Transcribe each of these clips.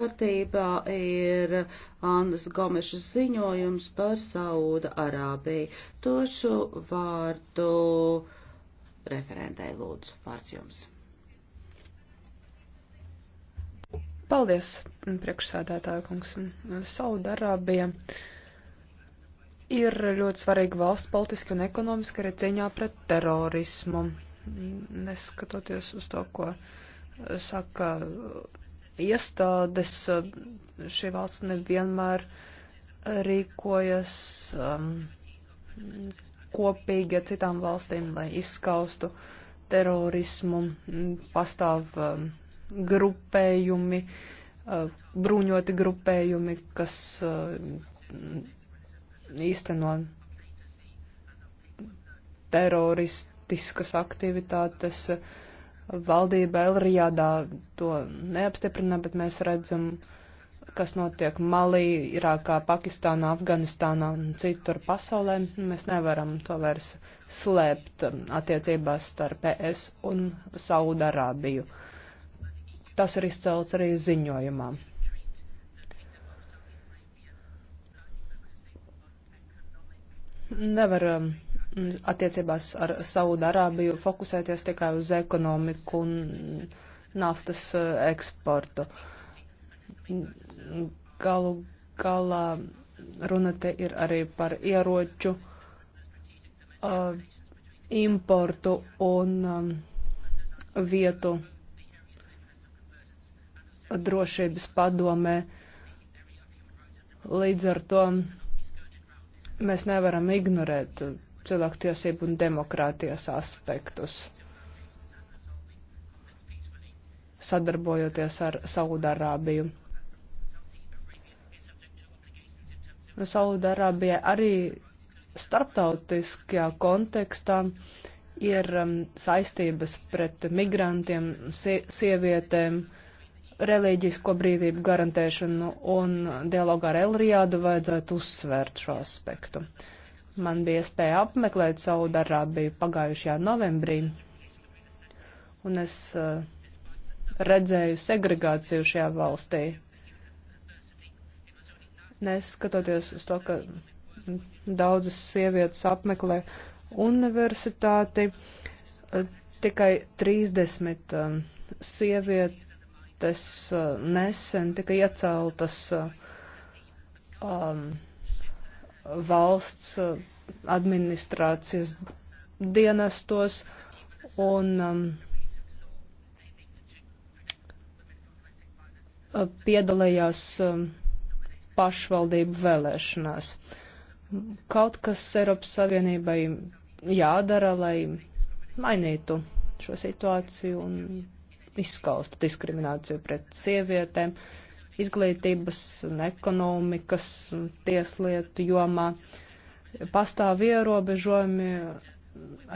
kārtībā ir Annas Gomešas ziņojums par Sauda Arābiju. Tošu vārdu referentai lūdzu. Vārds jums. Paldies, priekšsādātāja kungs. Sauda Arābija ir ļoti svarīga valsts politiski un ekonomiski arī cīņā pret terorismu. Neskatoties uz to, ko saka iestādes eh, šī valsts nevienmēr rīkojas um, kopīgi ar citām valstīm, lai izskaustu terorismu, mm, pastāv um, grupējumi, uh, bruņoti grupējumi, kas uh, īsteno teroristiskas aktivitātes. Uh, valdība Elrijādā to neapstiprina, bet mēs redzam, kas notiek Malī, Irākā, Pakistānā, Afganistānā un citur pasaulē. Mēs nevaram to vairs slēpt um, attiecībās starp PS e un Saudarābiju. Tas ir izcelts arī ziņojumā. Nevar um, attiecībās ar Saudārābiju fokusēties tikai uz ekonomiku un naftas eh, eksportu. Galu galā runa te ir arī par ieroču uh, importu un um, vietu drošības padomē. Līdz ar to mēs nevaram ignorēt cilvēktiesību un demokrātijas aspektus, sadarbojoties ar Saudārābiju. Saudārābija arī starptautiskajā kontekstā ir um, saistības pret migrantiem, sie sievietēm, reliģisko brīvību garantēšanu un dialogā ar Elriādu vajadzētu uzsvērt šo aspektu. Uh, Man bija iespēja apmeklēt savu darābiju pagājušajā novembrī, un es uh, redzēju segregāciju šajā valstī. Neskatoties uz to, ka daudzas sievietes apmeklē universitāti, uh, tikai 30 um, sievietes uh, nesen tika ieceltas uh, um, valsts eh, administrācijas dienestos un um, piedalījās um, pašvaldību vēlēšanās. Kaut kas Eiropas Savienībai jādara, lai mainītu šo situāciju un izskaustu diskrimināciju pret sievietēm. Uh, izglītības un ekonomikas un tieslietu jomā. Pastāv ierobežojumi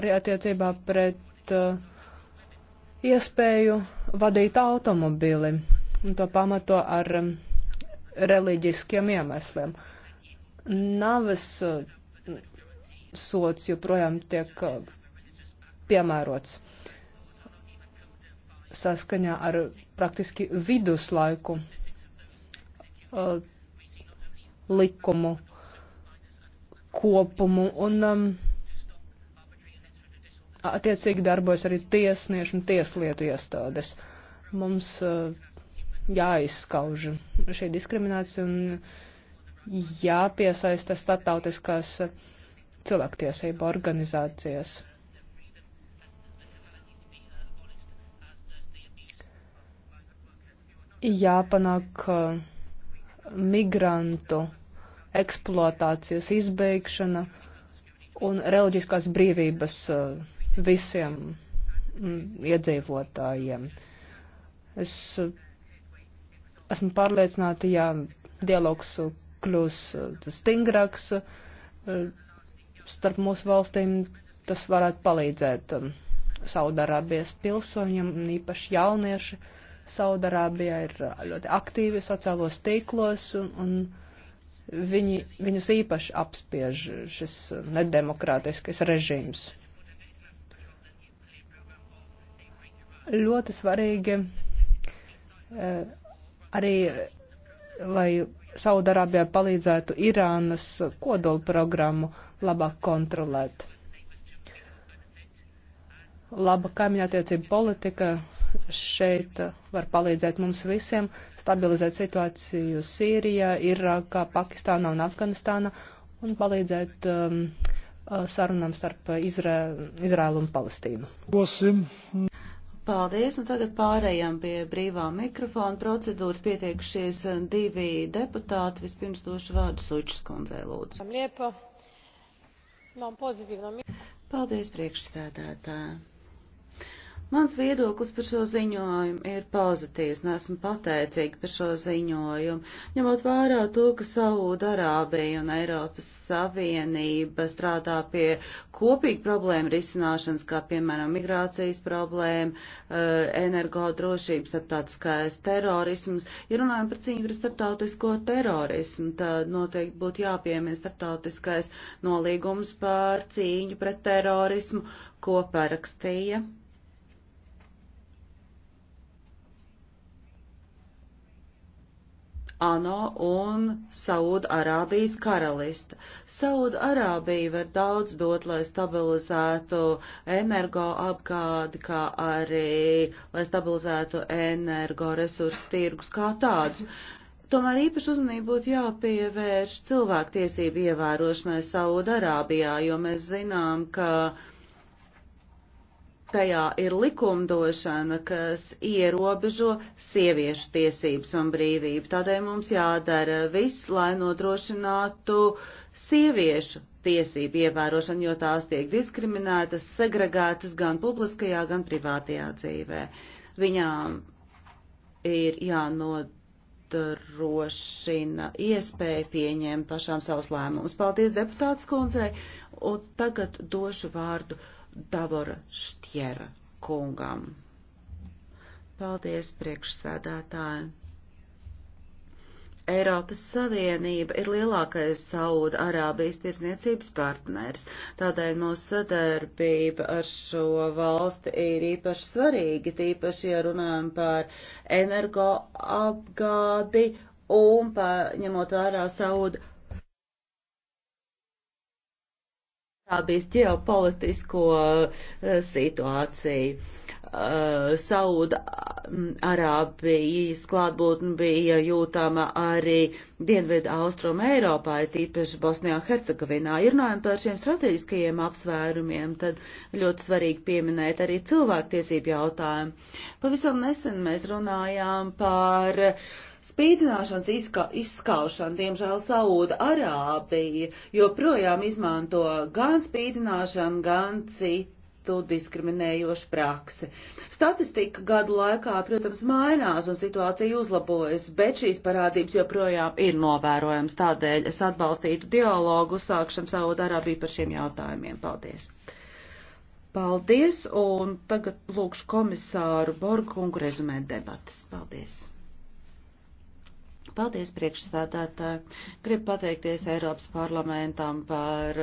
arī attiecībā pret uh, iespēju vadīt automobili, un to pamato ar um, reliģiskiem iemesliem. Navas uh, sots joprojām tiek uh, piemērots saskaņā ar praktiski viduslaiku uh, likumu kopumu. Un, um, Attiecīgi darbojas arī tiesnieši un tieslietu iestādes. Mums uh, jāizskauž šī diskriminācija un jāpiesaista statautiskās uh, cilvēktiesība organizācijas. Jāpanāk, ka uh, migrantu eksploatācijas izbeigšana un reliģiskās brīvības eh, visiem mm, iedzīvotājiem. Es eh, esmu pārliecināta, ja dialogs kļūs eh, stingrāks starp mūsu valstīm, tas varētu palīdzēt Saudarābijas pilsoņiem, īpaši jaunieši. Saudarābija ir uh, ļoti aktīvi sociālos tīklos un, un viņi, viņus īpaši apspiež šis uh, nedemokrātiskais režīms. Ļoti svarīgi uh, arī, lai Saudarābijā palīdzētu Irānas kodolu programmu labāk kontrolēt. Laba kaimiņattiecība politika šeit var palīdzēt mums visiem stabilizēt situāciju Sīrijā, Irākā, Pakistānā un Afganistānā un palīdzēt um, uh, sarunām starp Izrē, Izrēlu un Palestīnu. Bosim. Paldies, un tagad pārējām pie brīvā mikrofona procedūras pieteikušies uh, divi deputāti. Vispirms došu vārdu Sučas kundzei, lūdzu. Paldies, priekšstādātāji. Mans viedoklis par šo ziņojumu ir pozitīvs, un esmu pateicīga par šo ziņojumu, ņemot vērā to, ka Saūda-Arābija un Eiropas Savienība strādā pie kopīgu problēmu risināšanas, kā piemēram migrācijas problēma, eh, energodrošības, starptautiskais terorisms. Ja runājam par cīņu par starptautisko terorismu, tad noteikti būtu jāpiemina starptautiskais nolīgums par cīņu pret terorismu, ko parakstīja ANO un Sauda Arābijas karalista. Sauda Arābija var daudz dot, lai stabilizētu energoapgādi, kā arī, lai stabilizētu energoresursu tirgus kā tādus. Tomēr īpaši uzmanību būtu jāpievērš cilvēktiesību ievērošanai Sauda Arābijā, jo mēs zinām, ka uh, tajā ir likumdošana, kas ierobežo sieviešu tiesības un brīvību. Tādēļ mums jādara viss, lai nodrošinātu sieviešu tiesību ievērošanu, jo tās tiek diskriminētas, segregētas gan publiskajā, gan privātajā dzīvē. Viņām ir jānodrošina iespēja pieņemt pašām savus lēmumus. Paldies deputāts kundzei, un tagad došu vārdu Davora Štiera kungam. Paldies priekšsēdētājiem! Eiropas Savienība ir lielākais Sauda Arābijas tirsniecības partners, tādēļ mūsu sadarbība ar šo valsti ir īpaši svarīga, tīpaši, ja runājam par energoapgādi un par ņemot vērā Sauda Arābijas ģeopolitisko eh, situāciju. Eh, Sauda mm, Arābijas klātbūtne bija jūtama arī Dienvidu Austrum Eiropā, tīpaši Bosnijā un Hercegovinā. Ir runājot par šiem strateģiskajiem apsvērumiem, tad ļoti svarīgi pieminēt arī cilvēktiesību jautājumu. Pavisam nesen mēs runājām par uh, Spīdzināšanas izska izskaušana, diemžēl Saūda Arābija joprojām izmanto gan spīdzināšanu, gan citu diskriminējošu praksi. Statistika gadu laikā, protams, mainās un situācija uzlabojas, bet šīs parādības joprojām ir novērojams. Tādēļ es atbalstītu dialogu uzsākšanu Saūda Arābiju par šiem jautājumiem. Paldies! Paldies, un tagad lūkšu komisāru Borgu un rezumēt debatas. Paldies! Paldies, priekšsādātāji. Gribu pateikties Eiropas parlamentam par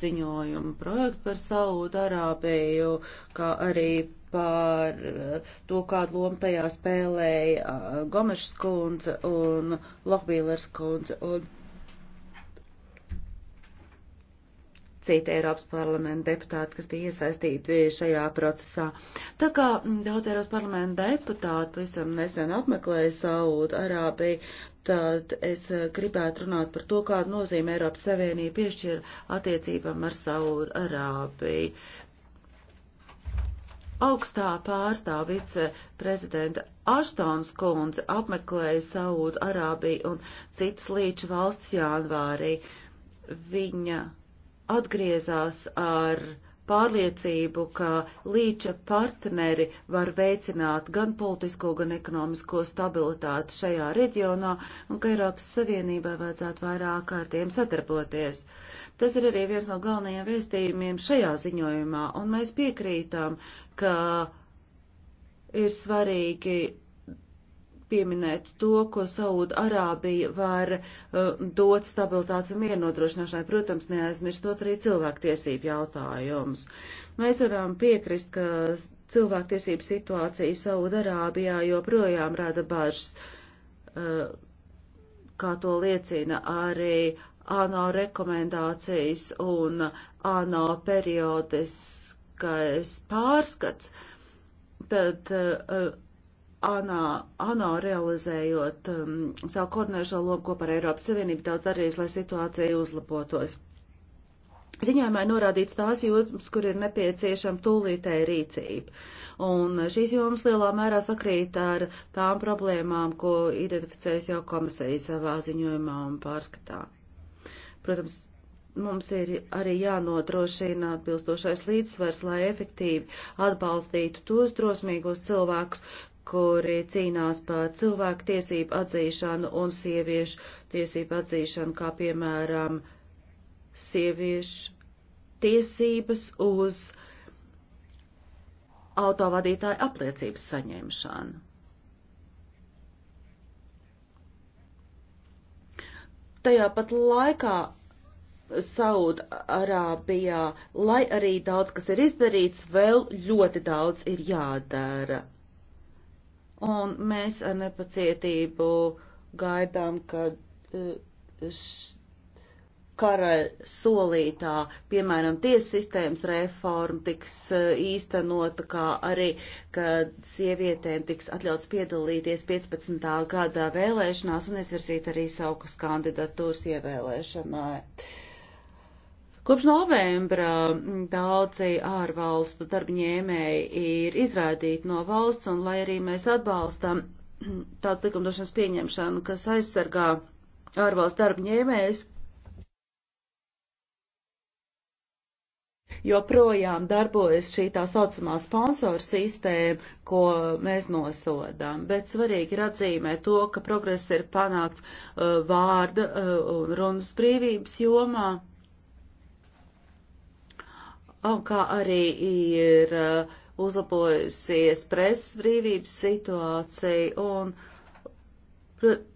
ziņojumu projektu par Saudarābiju, kā arī par to, kādu lomu tajā spēlēja uh, Gomešs kundze un Lohbīlers kundze. Un citi Eiropas parlamenta deputāti, kas bija iesaistīti šajā procesā. Tā kā mm, daudz Eiropas parlamenta deputāti pavisam nesen apmeklēja Saūdu Arābiju, tad es eh, gribētu runāt par to, kādu nozīmi Eiropas Savienība piešķir attiecībām ar Saūdu Arābiju. Augstā pārstāvice prezidenta Aštons kundze apmeklēja Saūdu Arābiju un citas līča valsts janvārī. Viņa atgriezās ar pārliecību, ka līča partneri var veicināt gan politisko, gan ekonomisko stabilitāti šajā reģionā un ka Eiropas Savienībai vajadzētu vairāk ar tiem sadarboties. Tas ir arī viens no galvenajiem vēstījumiem šajā ziņojumā, un mēs piekrītām, ka ir svarīgi pieminēt to, ko Saūda Arābija var uh, dot stabilitātes un mieru nodrošināšanai, protams, neaizmirstot arī cilvēktiesību jautājumus. Mēs varam piekrist, ka cilvēktiesību situācija Saūda Arābijā joprojām rada bažas, uh, kā to liecina arī ANO rekomendācijas un ANO periodiskais pārskats. Tad, uh, ANO, ANO realizējot um, savu koordinēšo lomu kopā ar Eiropas Savienību daudz darījis, lai situācija uzlabotos. Ziņojumā norādīts tās jomas, kur ir nepieciešama tūlītēja rīcība. Un šīs jomas lielā mērā sakrīt ar tām problēmām, ko identificējas jau komisija savā ziņojumā un pārskatā. Protams, mums ir arī jānodrošina atbilstošais līdzsvars, lai efektīvi atbalstītu tos drosmīgos cilvēkus, kuri cīnās par cilvēku tiesību atzīšanu un sieviešu tiesību atzīšanu, kā piemēram sieviešu tiesības uz autovadītāju apliecības saņemšanu. Tajā pat laikā Saudārābijā, lai arī daudz kas ir izdarīts, vēl ļoti daudz ir jādara un mēs ar nepacietību gaidām, kad eh, karaļa solītā, piemēram, tiesu sistēmas reforma tiks eh, īstenota, kā arī, kad sievietēm tiks atļauts piedalīties 15. gadā vēlēšanās un izvirzīt arī savus kandidatūras ievēlēšanai. Uh, Kopš novembra daudzi ārvalstu darbņēmēji ir izrādīti no valsts, un lai arī mēs atbalstam tāds likumdošanas pieņemšanu, kas aizsargā ārvalstu darbņēmējus, joprojām darbojas šī tā saucamā sponsoru sistēma, ko mēs nosodām. Bet svarīgi ir atzīmēt to, ka progress ir panākts uh, vārda uh, runas brīvības jomā un kā arī ir uh, uzlabojusies presas brīvības situācija, un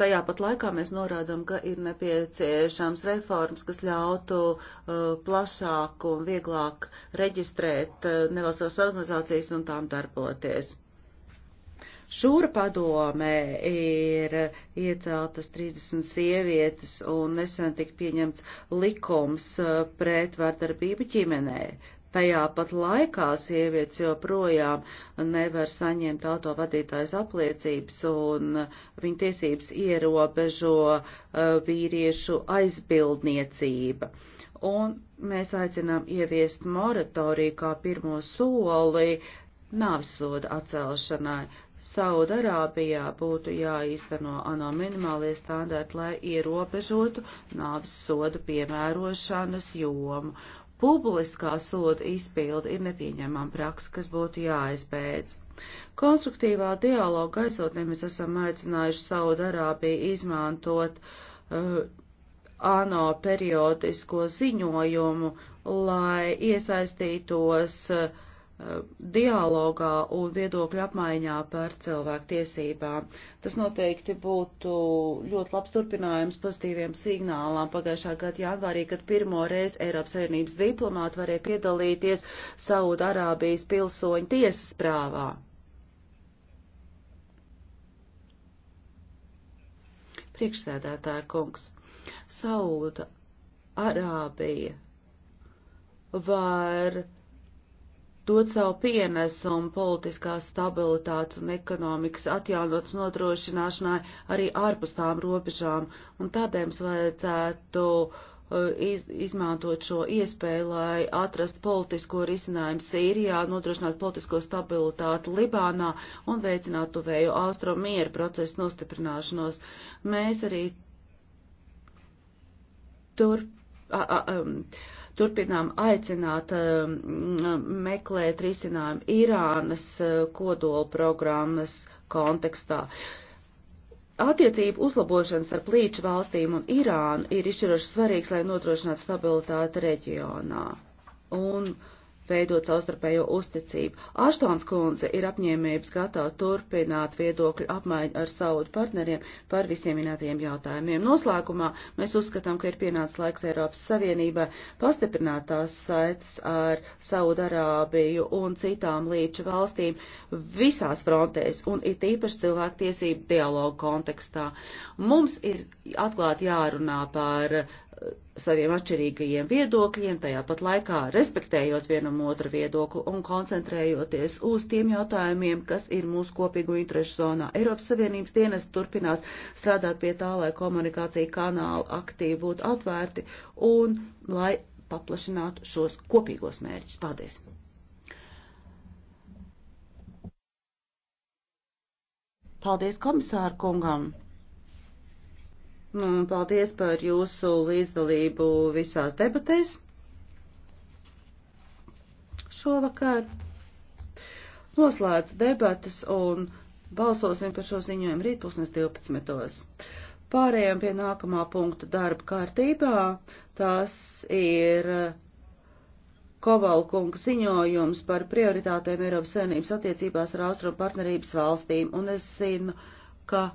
tajā pat laikā mēs norādām, ka ir nepieciešams reformas, kas ļautu uh, plašāk un vieglāk reģistrēt uh, nevalstības organizācijas un tām darboties. Šūra padome ir ieceltas 30 sievietes un nesen tika pieņemts likums uh, pret vardarbību ģimenē. Tajā pat laikā sievietes joprojām nevar saņemt autovadītājas apliecības un viņa tiesības ierobežo eh, vīriešu aizbildniecība. Un mēs aicinām ieviest moratoriju kā pirmo soli nāvsoda atcelšanai. Saudarābijā būtu jāīsteno ANO minimālie standarti, lai ierobežotu nāvis sodu piemērošanas jomu publiskā soda izpilda ir nepieņemama praksa, kas būtu jāizbeidz. Konstruktīvā dialoga gaisotnē mēs esam aicinājuši Saudarābiju izmantot uh, ANO periodisko ziņojumu, lai iesaistītos uh, dialogā un viedokļu apmaiņā par cilvēku tiesībām. Tas noteikti būtu ļoti labs turpinājums pozitīviem signālām. Pagājušā gada janvārī, kad pirmo reizi Eiropas Savienības diplomāti varēja piedalīties Sauda Arābijas pilsoņu tiesas prāvā. Priekšsēdētāja kungs, Sauda Arābija var dot savu pienesumu politiskās stabilitātes un ekonomikas atjaunotas nodrošināšanai arī ārpus tām robežām, un tādēļ mums vajadzētu uh, iz, izmantot šo iespēju, lai atrastu politisko risinājumu Sīrijā, nodrošinātu politisko stabilitāti Libānā un veicinātu tuvējo austrumu mieru procesu nostiprināšanos. Mēs arī tur. A, a, a, um, turpinām aicināt um, meklēt risinājumu Irānas uh, kodola programmas kontekstā. Attiecību uzlabošanas ar plīču valstīm un Irānu ir izšķiroši svarīgs, lai nodrošinātu stabilitāti reģionā. Un, uh, veidot savstarpējo uzticību. Aštons kundze ir apņēmības gatava turpināt viedokļu apmaiņu ar Saudu partneriem par visiem minētajiem jautājumiem. Noslēgumā mēs uzskatām, ka ir pienācis laiks Eiropas Savienībai pastiprināt tās saites ar Saudarābiju un citām līča valstīm visās frontēs un it īpaši cilvēktiesību dialogu kontekstā. Mums ir atklāti jārunā par saviem atšķirīgajiem viedokļiem, tajā pat laikā respektējot vienam otru viedokli un koncentrējoties uz tiem jautājumiem, kas ir mūsu kopīgu interešu zonā. Eiropas Savienības dienas turpinās strādāt pie tā, lai komunikācija kanāli aktīvi būtu atvērti un lai paplašinātu šos kopīgos mērķus. Paldies! Paldies komisāru kungam! Nu, un paldies par jūsu līdzdalību visās debatēs šovakar. Noslēdz debatas un balsosim par šo ziņojumu rīt pusnes 12. Pārējām pie nākamā punkta darba kārtībā. Tas ir Kovalkunga ziņojums par prioritātēm Eiropas Savienības attiecībās ar Austrum partnerības valstīm. Un es zinu, ka